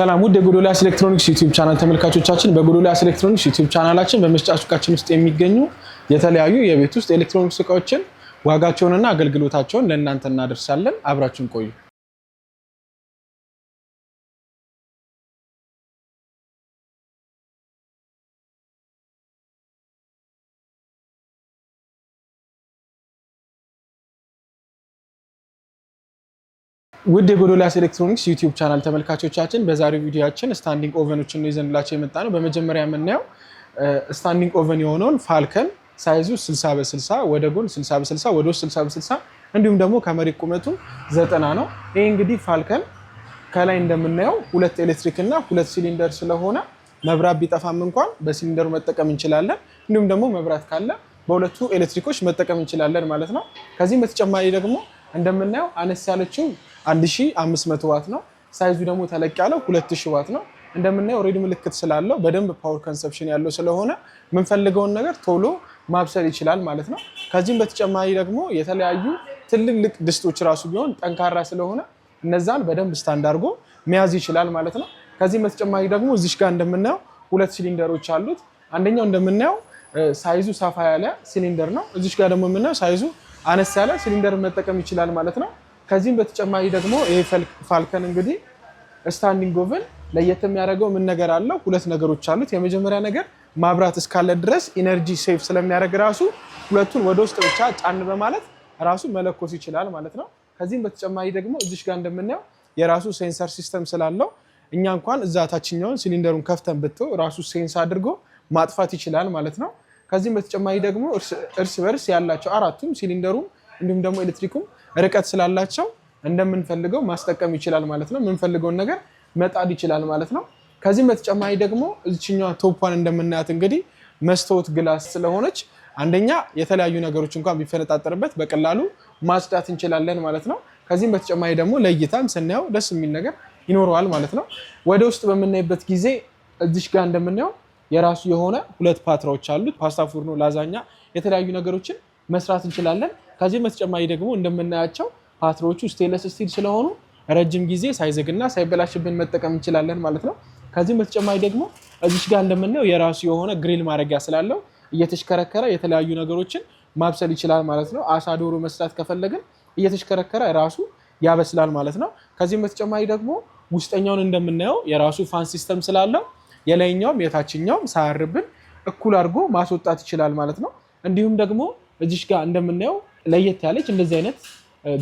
ሰላም ውድ የጎዶልያስ ኤሌክትሮኒክስ ዩቲዩብ ቻናል ተመልካቾቻችን፣ በጎዶልያስ ኤሌክትሮኒክስ ዩቲዩብ ቻናላችን በመስጫ ሱቃችን ውስጥ የሚገኙ የተለያዩ የቤት ውስጥ ኤሌክትሮኒክስ እቃዎችን ዋጋቸውንና አገልግሎታቸውን ለእናንተ እናደርሳለን። አብራችን ቆዩ። ውድ የጎዶልያስ ኤሌክትሮኒክስ ዩቲዩብ ቻናል ተመልካቾቻችን በዛሬው ቪዲዮችን ስታንዲንግ ኦቨኖችን ነው ይዘንላቸው የመጣ ነው። በመጀመሪያ የምናየው ስታንዲንግ ኦቨን የሆነውን ፋልከን ሳይዙ 60 በ60 ወደ ጎን 60 በ60 ወደ ውስጥ 60 በ60 እንዲሁም ደግሞ ከመሬት ቁመቱ ዘጠና ነው። ይህ እንግዲህ ፋልከን ከላይ እንደምናየው ሁለት ኤሌክትሪክ እና ሁለት ሲሊንደር ስለሆነ መብራት ቢጠፋም እንኳን በሲሊንደሩ መጠቀም እንችላለን። እንዲሁም ደግሞ መብራት ካለ በሁለቱ ኤሌክትሪኮች መጠቀም እንችላለን ማለት ነው። ከዚህም በተጨማሪ ደግሞ እንደምናየው አነስ ያለችው 1500 ዋት ነው። ሳይዙ ደግሞ ተለቅ ያለው 2000 ዋት ነው። እንደምናየው ሬድ ምልክት ስላለው በደንብ ፓወር ኮንሰፕሽን ያለው ስለሆነ የምንፈልገውን ነገር ቶሎ ማብሰል ይችላል ማለት ነው። ከዚህም በተጨማሪ ደግሞ የተለያዩ ትልልቅ ድስቶች ራሱ ቢሆን ጠንካራ ስለሆነ እነዛን በደንብ ስታንድ አድርጎ መያዝ ይችላል ማለት ነው። ከዚህም በተጨማሪ ደግሞ እዚሽ ጋር እንደምናየው ሁለት ሲሊንደሮች አሉት። አንደኛው እንደምናየው ሳይዙ ሰፋ ያለ ሲሊንደር ነው። እዚሽ ጋር ደግሞ የምናየው ሳይዙ አነስ ያለ ሲሊንደር መጠቀም ይችላል ማለት ነው። ከዚህም በተጨማሪ ደግሞ ይሄ ፋልከን እንግዲህ ስታንዲንግ ኦቨን ለየት የሚያደርገው ምን ነገር አለው? ሁለት ነገሮች አሉት። የመጀመሪያ ነገር ማብራት እስካለ ድረስ ኢነርጂ ሴቭ ስለሚያደርግ ራሱ ሁለቱን ወደ ውስጥ ብቻ ጫን በማለት ራሱ መለኮስ ይችላል ማለት ነው። ከዚህም በተጨማሪ ደግሞ እዚሽ ጋር እንደምናየው የራሱ ሴንሰር ሲስተም ስላለው እኛ እንኳን እዛ ታችኛውን ሲሊንደሩን ከፍተን ብትው ራሱ ሴንስ አድርጎ ማጥፋት ይችላል ማለት ነው። ከዚህም በተጨማሪ ደግሞ እርስ በርስ ያላቸው አራቱም ሲሊንደሩም እንዲሁም ደግሞ ኤሌክትሪኩም ርቀት ስላላቸው እንደምንፈልገው ማስጠቀም ይችላል ማለት ነው። የምንፈልገውን ነገር መጣድ ይችላል ማለት ነው። ከዚህም በተጨማሪ ደግሞ እችኛዋ ቶፓን እንደምናያት እንግዲህ መስታወት ግላስ ስለሆነች አንደኛ የተለያዩ ነገሮች እንኳን ቢፈነጣጠርበት በቀላሉ ማጽዳት እንችላለን ማለት ነው። ከዚህም በተጨማሪ ደግሞ ለእይታም ስናየው ደስ የሚል ነገር ይኖረዋል ማለት ነው። ወደ ውስጥ በምናይበት ጊዜ እዚሽ ጋር እንደምናየው የራሱ የሆነ ሁለት ፓትራዎች አሉት። ፓስታ፣ ፉርኖ፣ ላዛኛ የተለያዩ ነገሮችን መስራት እንችላለን። ከዚህ በተጨማሪ ደግሞ እንደምናያቸው ፓትሮቹ ስቴንለስ ስቲል ስለሆኑ ረጅም ጊዜ ሳይዘግና ሳይበላሽብን መጠቀም እንችላለን ማለት ነው። ከዚህም በተጨማሪ ደግሞ እዚች ጋር እንደምናየው የራሱ የሆነ ግሪል ማድረጊያ ስላለው እየተሽከረከረ የተለያዩ ነገሮችን ማብሰል ይችላል ማለት ነው። አሳ፣ ዶሮ መስራት ከፈለግን እየተሽከረከረ ራሱ ያበስላል ማለት ነው። ከዚህም በተጨማሪ ደግሞ ውስጠኛውን እንደምናየው የራሱ ፋን ሲስተም ስላለው የላይኛውም የታችኛውም ሳያርብን እኩል አድርጎ ማስወጣት ይችላል ማለት ነው። እንዲሁም ደግሞ እዚሽ ጋር እንደምናየው ለየት ያለች እንደዚህ አይነት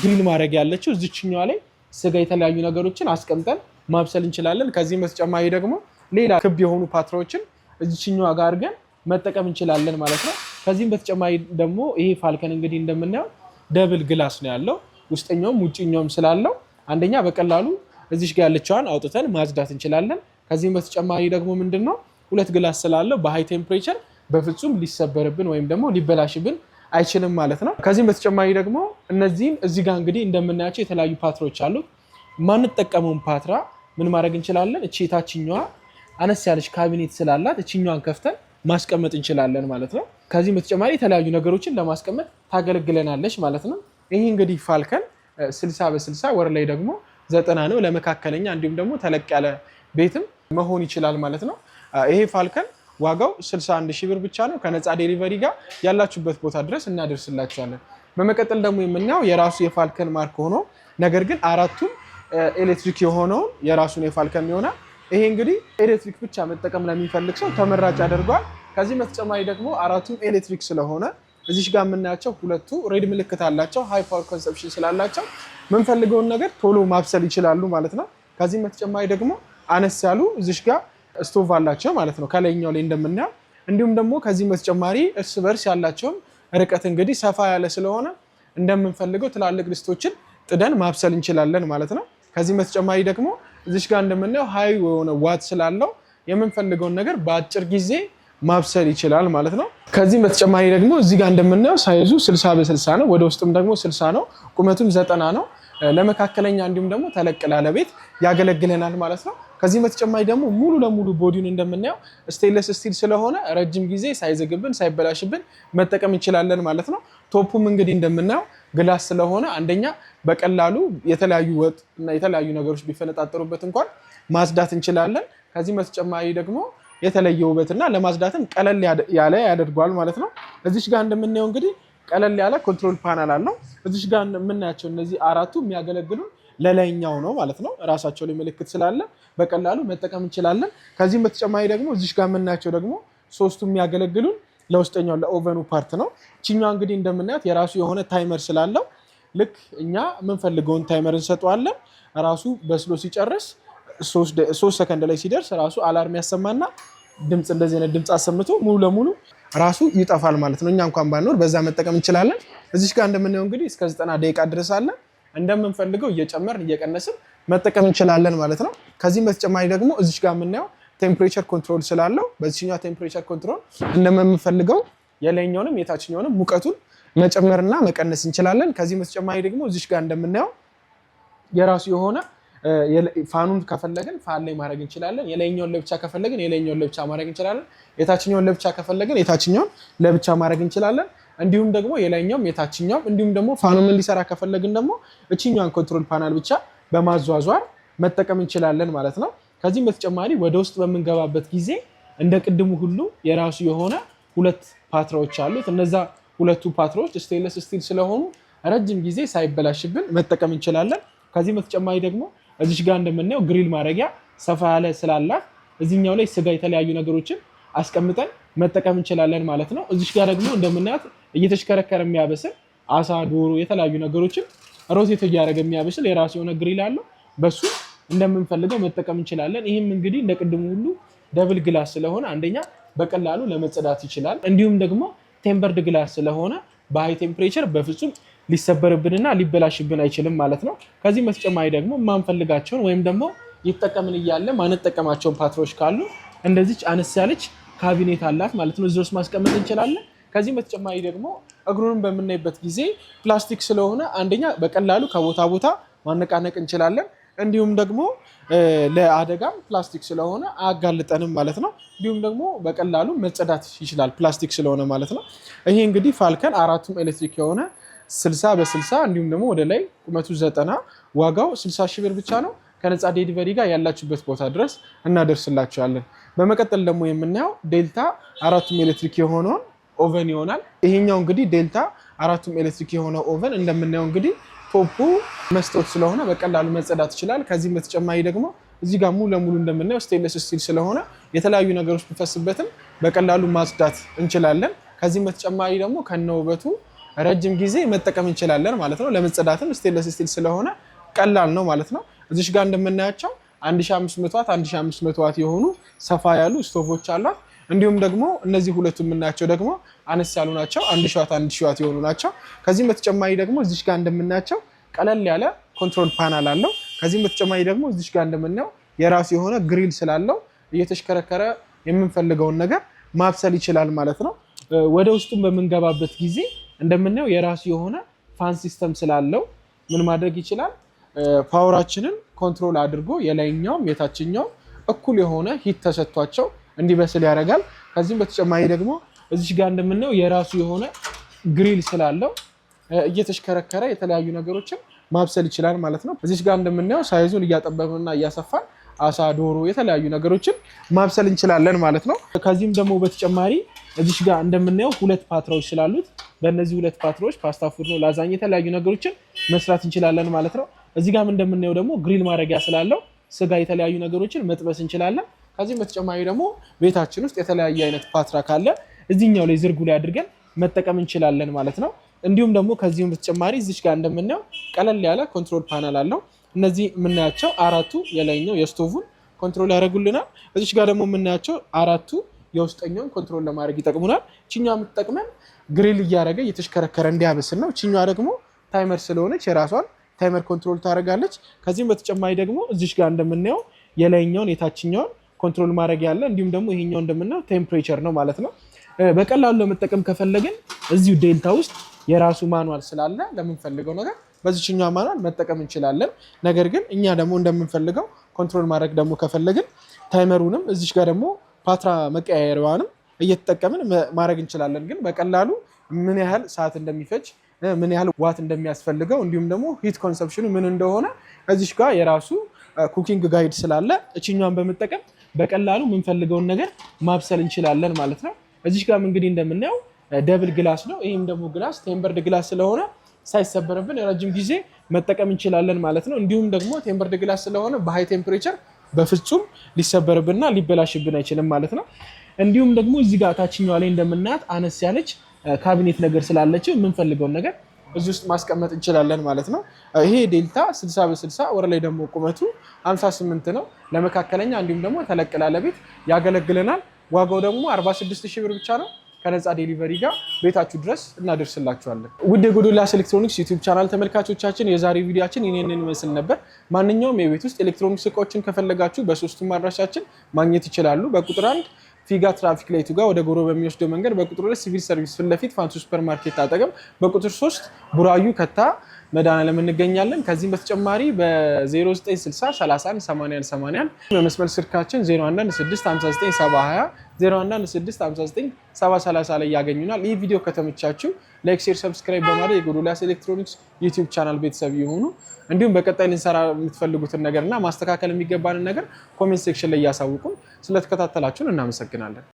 ግሪል ማድረግ ያለችው እዚችኛዋ ላይ ስጋ፣ የተለያዩ ነገሮችን አስቀምጠን ማብሰል እንችላለን። ከዚህም በተጨማሪ ደግሞ ሌላ ክብ የሆኑ ፓትራዎችን እዚችኛዋ ጋር አድርገን መጠቀም እንችላለን ማለት ነው። ከዚህም በተጨማሪ ደግሞ ይሄ ፋልከን እንግዲህ እንደምናየው ደብል ግላስ ነው ያለው ውስጠኛውም ውጭኛውም ስላለው አንደኛ በቀላሉ እዚሽ ጋር ያለችዋን አውጥተን ማጽዳት እንችላለን። ከዚህም በተጨማሪ ደግሞ ምንድን ነው ሁለት ግላስ ስላለው በሃይ ቴምፕሬቸር በፍጹም ሊሰበርብን ወይም ደግሞ ሊበላሽብን አይችልም ማለት ነው። ከዚህም በተጨማሪ ደግሞ እነዚህም እዚህ ጋር እንግዲህ እንደምናያቸው የተለያዩ ፓትሮች አሉት። ማንጠቀመውን ፓትራ ምን ማድረግ እንችላለን? እቺ የታችኛዋ አነስ ያለች ካቢኔት ስላላት እችኛዋን ከፍተን ማስቀመጥ እንችላለን ማለት ነው። ከዚህም በተጨማሪ የተለያዩ ነገሮችን ለማስቀመጥ ታገለግለናለች ማለት ነው። ይህ እንግዲህ ፋልከን ስልሳ በስልሳ ወር ላይ ደግሞ ዘጠና ነው ለመካከለኛ እንዲሁም ደግሞ ተለቅ ያለ ቤትም መሆን ይችላል ማለት ነው። ይሄ ፋልከን ዋጋው 61 ሺህ ብር ብቻ ነው ከነፃ ዴሊቨሪ ጋር ያላችሁበት ቦታ ድረስ እናደርስላችኋለን። በመቀጠል ደግሞ የምናየው የራሱ የፋልከን ማርክ ሆኖ ነገር ግን አራቱም ኤሌክትሪክ የሆነውን የራሱን የፋልከን ይሆናል። ይሄ እንግዲህ ኤሌክትሪክ ብቻ መጠቀም ለሚፈልግ ሰው ተመራጭ አደርጓል። ከዚህ በተጨማሪ ደግሞ አራቱም ኤሌክትሪክ ስለሆነ እዚሽ ጋር የምናያቸው ሁለቱ ሬድ ምልክት አላቸው። ሃይ ፓወር ኮንሰፕሽን ስላላቸው የምንፈልገውን ነገር ቶሎ ማብሰል ይችላሉ ማለት ነው። ከዚህም በተጨማሪ ደግሞ አነስ ያሉ እዚሽ ጋር ስቶቭ አላቸው ማለት ነው ከላይኛው ላይ እንደምናየው። እንዲሁም ደግሞ ከዚህም በተጨማሪ እርስ በርስ ያላቸውም ርቀት እንግዲህ ሰፋ ያለ ስለሆነ እንደምንፈልገው ትላልቅ ድስቶችን ጥደን ማብሰል እንችላለን ማለት ነው። ከዚህም በተጨማሪ ደግሞ እዚሽ ጋር እንደምናየው ሀይ የሆነ ዋት ስላለው የምንፈልገውን ነገር በአጭር ጊዜ ማብሰል ይችላል ማለት ነው። ከዚህም በተጨማሪ ደግሞ እዚህ ጋር እንደምናየው ሳይዙ 60 በ60 ነው፣ ወደ ውስጥም ደግሞ 60 ነው፣ ቁመቱም ዘጠና ነው። ለመካከለኛ እንዲሁም ደግሞ ተለቅ ላለ ቤት ያገለግለናል ማለት ነው። ከዚህ በተጨማሪ ደግሞ ሙሉ ለሙሉ ቦዲውን እንደምናየው ስቴንለስ ስቲል ስለሆነ ረጅም ጊዜ ሳይዘግብን ሳይበላሽብን መጠቀም እንችላለን ማለት ነው። ቶፑም እንግዲህ እንደምናየው ግላስ ስለሆነ አንደኛ በቀላሉ የተለያዩ ወጥ እና የተለያዩ ነገሮች ቢፈነጣጠሩበት እንኳን ማጽዳት እንችላለን። ከዚህ በተጨማሪ ደግሞ የተለየ ውበትና ለማጽዳትም ቀለል ያለ ያደርገዋል ማለት ነው። እዚች ጋር እንደምናየው እንግዲህ ቀለል ያለ ኮንትሮል ፓናል አለው። እዚች ጋር የምናያቸው እነዚህ አራቱ የሚያገለግሉን ለላይኛው ነው ማለት ነው። ራሳቸው ላይ ምልክት ስላለ በቀላሉ መጠቀም እንችላለን። ከዚህም በተጨማሪ ደግሞ እዚሽ ጋር የምናያቸው ደግሞ ሶስቱ የሚያገለግሉን ለውስጠኛው ለኦቨኑ ፓርት ነው። ችኛ እንግዲህ እንደምናያት የራሱ የሆነ ታይመር ስላለው ልክ እኛ የምንፈልገውን ታይመር እንሰጠዋለን። ራሱ በስሎ ሲጨርስ ሶስት ሰከንድ ላይ ሲደርስ ራሱ አላርም ያሰማና ድምፅ እንደዚህ አይነት ድምፅ አሰምቶ ሙሉ ለሙሉ ራሱ ይጠፋል ማለት ነው። እኛ እንኳን ባንኖር በዛ መጠቀም እንችላለን። እዚሽ ጋር እንደምናየው እንግዲህ እስከ ዘጠና ደቂቃ ድረስ አለን። እንደምንፈልገው እየጨመርን እየቀነስን መጠቀም እንችላለን ማለት ነው። ከዚህም በተጨማሪ ደግሞ እዚች ጋር የምናየው ቴምፕሬቸር ኮንትሮል ስላለው በዚችኛ ቴምፕሬቸር ኮንትሮል እንደምንፈልገው የላይኛውንም የታችኛውንም ሙቀቱን መጨመርና መቀነስ እንችላለን። ከዚህም በተጨማሪ ደግሞ እዚች ጋር እንደምናየው የራሱ የሆነ ፋኑን ከፈለግን ፋን ላይ ማድረግ እንችላለን። የላይኛውን ለብቻ ከፈለግን የላይኛውን ለብቻ ማድረግ እንችላለን። የታችኛውን ለብቻ ከፈለግን የታችኛውን ለብቻ ማድረግ እንችላለን። እንዲሁም ደግሞ የላይኛውም የታችኛውም እንዲሁም ደግሞ ፋኑምን ሊሰራ ከፈለግን ደግሞ እችኛን ኮንትሮል ፓናል ብቻ በማዟዟር መጠቀም እንችላለን ማለት ነው። ከዚህም በተጨማሪ ወደ ውስጥ በምንገባበት ጊዜ እንደ ቅድሙ ሁሉ የራሱ የሆነ ሁለት ፓትራዎች አሉት። እነዛ ሁለቱ ፓትራዎች ስቴንለስ ስቲል ስለሆኑ ረጅም ጊዜ ሳይበላሽብን መጠቀም እንችላለን። ከዚህም በተጨማሪ ደግሞ እዚች ጋር እንደምናየው ግሪል ማድረጊያ ሰፋ ያለ ስላላት እዚኛው ላይ ስጋ የተለያዩ ነገሮችን አስቀምጠን መጠቀም እንችላለን ማለት ነው። እዚች ጋር ደግሞ እንደምናያት እየተሽከረከረ የሚያበስል አሳ፣ ዶሮ፣ የተለያዩ ነገሮችን ሮቴት እያደረገ የሚያበስል የራሱ የሆነ ግሪል አለው። በሱ እንደምንፈልገው መጠቀም እንችላለን። ይህም እንግዲህ እንደ ቅድሙ ሁሉ ደብል ግላስ ስለሆነ አንደኛ በቀላሉ ለመጽዳት ይችላል። እንዲሁም ደግሞ ቴምበርድ ግላስ ስለሆነ በሀይ ቴምፕሬቸር በፍጹም ሊሰበርብንና ሊበላሽብን አይችልም ማለት ነው። ከዚህም በተጨማሪ ደግሞ የማንፈልጋቸውን ወይም ደግሞ ይጠቀምን እያለ ማንጠቀማቸውን ፓትሮች ካሉ እንደዚች አነስ ያለች ካቢኔት አላት ማለት ነው። እዚህ ውስጥ ማስቀመጥ እንችላለን። ከዚህም በተጨማሪ ደግሞ እግሩንም በምናይበት ጊዜ ፕላስቲክ ስለሆነ አንደኛ በቀላሉ ከቦታ ቦታ ማነቃነቅ እንችላለን። እንዲሁም ደግሞ ለአደጋም ፕላስቲክ ስለሆነ አያጋልጠንም ማለት ነው። እንዲሁም ደግሞ በቀላሉ መጸዳት ይችላል ፕላስቲክ ስለሆነ ማለት ነው። ይሄ እንግዲህ ፋልከን አራቱም ኤሌክትሪክ የሆነ 60 በ60 እንዲሁም ደግሞ ወደ ላይ ቁመቱ 90 ዋጋው 60 ሺህ ብር ብቻ ነው። ከነፃ ዴሊቨሪ ጋር ያላችሁበት ቦታ ድረስ እናደርስላችኋለን። በመቀጠል ደግሞ የምናየው ዴልታ አራቱም ኤሌክትሪክ የሆነውን ኦቨን ይሆናል። ይሄኛው እንግዲህ ዴልታ አራቱም ኤሌክትሪክ የሆነ ኦቨን እንደምናየው እንግዲህ ቶፑ መስታወት ስለሆነ በቀላሉ መጸዳት ይችላል። ከዚህም በተጨማሪ ደግሞ እዚህ ጋር ሙሉ ለሙሉ እንደምናየው ስቴንለስ ስቲል ስለሆነ የተለያዩ ነገሮች ብፈስበትም በቀላሉ ማጽዳት እንችላለን። ከዚህም በተጨማሪ ደግሞ ከነ ውበቱ ረጅም ጊዜ መጠቀም እንችላለን ማለት ነው። ለመጸዳትም ስቴንለስ ስቲል ስለሆነ ቀላል ነው ማለት ነው። እዚሽ ጋር እንደምናያቸው 1500 ዋት 1500 ዋት የሆኑ ሰፋ ያሉ ስቶቮች አሏት። እንዲሁም ደግሞ እነዚህ ሁለቱ የምናያቸው ደግሞ አነስ ያሉ ናቸው። አንድ ሸዋት አንድ ሸዋት የሆኑ ናቸው። ከዚህም በተጨማሪ ደግሞ እዚሽ ጋር እንደምናያቸው ቀለል ያለ ኮንትሮል ፓናል አለው። ከዚህም በተጨማሪ ደግሞ እዚሽ ጋር እንደምናየው የራሱ የሆነ ግሪል ስላለው እየተሽከረከረ የምንፈልገውን ነገር ማብሰል ይችላል ማለት ነው። ወደ ውስጡም በምንገባበት ጊዜ እንደምናየው የራሱ የሆነ ፋን ሲስተም ስላለው ምን ማድረግ ይችላል? ፓወራችንን ኮንትሮል አድርጎ የላይኛውም የታችኛውም እኩል የሆነ ሂት ተሰጥቷቸው እንዲበስል ያደርጋል። ከዚህም በተጨማሪ ደግሞ እዚች ጋር እንደምናየው የራሱ የሆነ ግሪል ስላለው እየተሽከረከረ የተለያዩ ነገሮችን ማብሰል ይችላል ማለት ነው። እዚች ጋር እንደምናየው ሳይዙን እያጠበብንና እያሰፋን አሳ፣ ዶሮ፣ የተለያዩ ነገሮችን ማብሰል እንችላለን ማለት ነው። ከዚህም ደግሞ በተጨማሪ እዚች ጋር እንደምናየው ሁለት ፓትራዎች ስላሉት በእነዚህ ሁለት ፓትራዎች ፓስታ፣ ነው፣ ላዛኝ የተለያዩ ነገሮችን መስራት እንችላለን ማለት ነው። እዚህ ጋርም እንደምናየው ደግሞ ግሪል ማድረጊያ ስላለው ስጋ፣ የተለያዩ ነገሮችን መጥበስ እንችላለን። ከዚህም በተጨማሪ ደግሞ ቤታችን ውስጥ የተለያየ አይነት ፓትራ ካለ እዚህኛው ላይ ዝርጉ ላይ አድርገን መጠቀም እንችላለን ማለት ነው። እንዲሁም ደግሞ ከዚህም በተጨማሪ እዚች ጋር እንደምናየው ቀለል ያለ ኮንትሮል ፓናል አለው። እነዚህ የምናያቸው አራቱ የላይኛው የስቶቭን ኮንትሮል ያደርጉልናል። እዚች ጋር ደግሞ የምናያቸው አራቱ የውስጠኛውን ኮንትሮል ለማድረግ ይጠቅሙናል። ችኛ የምትጠቅመን ግሪል እያደረገ እየተሽከረከረ እንዲያበስል ነው። ችኛ ደግሞ ታይመር ስለሆነች የራሷን ታይመር ኮንትሮል ታደርጋለች። ከዚህም በተጨማሪ ደግሞ እዚች ጋር እንደምናየው የላይኛውን የታችኛውን ኮንትሮል ማድረግ ያለ እንዲሁም ደግሞ ይሄኛው እንደምናየው ቴምፕሬቸር ነው ማለት ነው። በቀላሉ ለመጠቀም ከፈለግን እዚሁ ዴልታ ውስጥ የራሱ ማኑዋል ስላለ ለምንፈልገው ነገር በዚችኛ ማኑዋል መጠቀም እንችላለን። ነገር ግን እኛ ደግሞ እንደምንፈልገው ኮንትሮል ማድረግ ደግሞ ከፈለግን ታይመሩንም እዚች ጋር ደግሞ ፓትራ መቀያየሪዋንም እየተጠቀምን ማድረግ እንችላለን። ግን በቀላሉ ምን ያህል ሰዓት እንደሚፈጅ ምን ያህል ዋት እንደሚያስፈልገው እንዲሁም ደግሞ ሂት ኮንሰፕሽኑ ምን እንደሆነ እዚች ጋር የራሱ ኩኪንግ ጋይድ ስላለ እችኛን በመጠቀም በቀላሉ የምንፈልገውን ነገር ማብሰል እንችላለን ማለት ነው። እዚች ጋም እንግዲህ እንደምናየው ደብል ግላስ ነው። ይህም ደግሞ ግላስ ቴምበርድ ግላስ ስለሆነ ሳይሰበርብን ረጅም ጊዜ መጠቀም እንችላለን ማለት ነው። እንዲሁም ደግሞ ቴምበርድ ግላስ ስለሆነ በሃይ ቴምፕሬቸር በፍጹም ሊሰበርብንና ሊበላሽብን አይችልም ማለት ነው። እንዲሁም ደግሞ እዚህ ጋር ታችኛዋ ላይ እንደምናያት አነስ ያለች ካቢኔት ነገር ስላለችው የምንፈልገውን ነገር እዚህ ውስጥ ማስቀመጥ እንችላለን ማለት ነው። ይሄ ዴልታ 60 በ60 ወር ላይ ደግሞ ቁመቱ 58 ነው። ለመካከለኛ እንዲሁም ደግሞ ተለቅ ላለ ቤት ያገለግለናል። ዋጋው ደግሞ 46 ሺህ ብር ብቻ ነው። ከነፃ ዴሊቨሪ ጋር ቤታችሁ ድረስ እናደርስላችኋለን። ውድ የጎዶልያስ ኤሌክትሮኒክስ ዩቱብ ቻናል ተመልካቾቻችን የዛሬ ቪዲዮችን ይህንን ይመስል ነበር። ማንኛውም የቤት ውስጥ ኤሌክትሮኒክስ እቃዎችን ከፈለጋችሁ በሶስቱም አድራሻችን ማግኘት ይችላሉ። በቁጥር አንድ ፊጋ ትራፊክ ላይቱ ጋር ወደ ጎሮ በሚወስደው መንገድ በቁጥር ሁለት ሲቪል ሰርቪስ ፊት ለፊት ፋንሱ ሱፐር ማርኬት አጠገብ፣ በቁጥር ሶስት ቡራዩ ከታ መድኃኔዓለም እንገኛለን። ከዚህም በተጨማሪ በ0960 በመስመር ስልካችን 20 0116597030 ላይ ያገኙናል። ይህ ቪዲዮ ከተመቻችሁ ላይክ፣ ሼር፣ ሰብስክራይብ በማድረግ የጎዶልያስ ኤሌክትሮኒክስ ዩቲዩብ ቻናል ቤተሰብ የሆኑ እንዲሁም በቀጣይ ልንሰራ የምትፈልጉትን ነገር እና ማስተካከል የሚገባንን ነገር ኮሜንት ሴክሽን ላይ እያሳውቁን ስለተከታተላችሁን እናመሰግናለን።